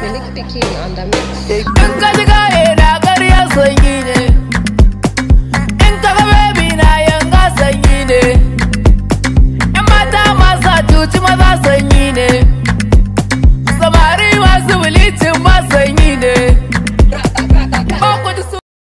Milik Piki on the mix.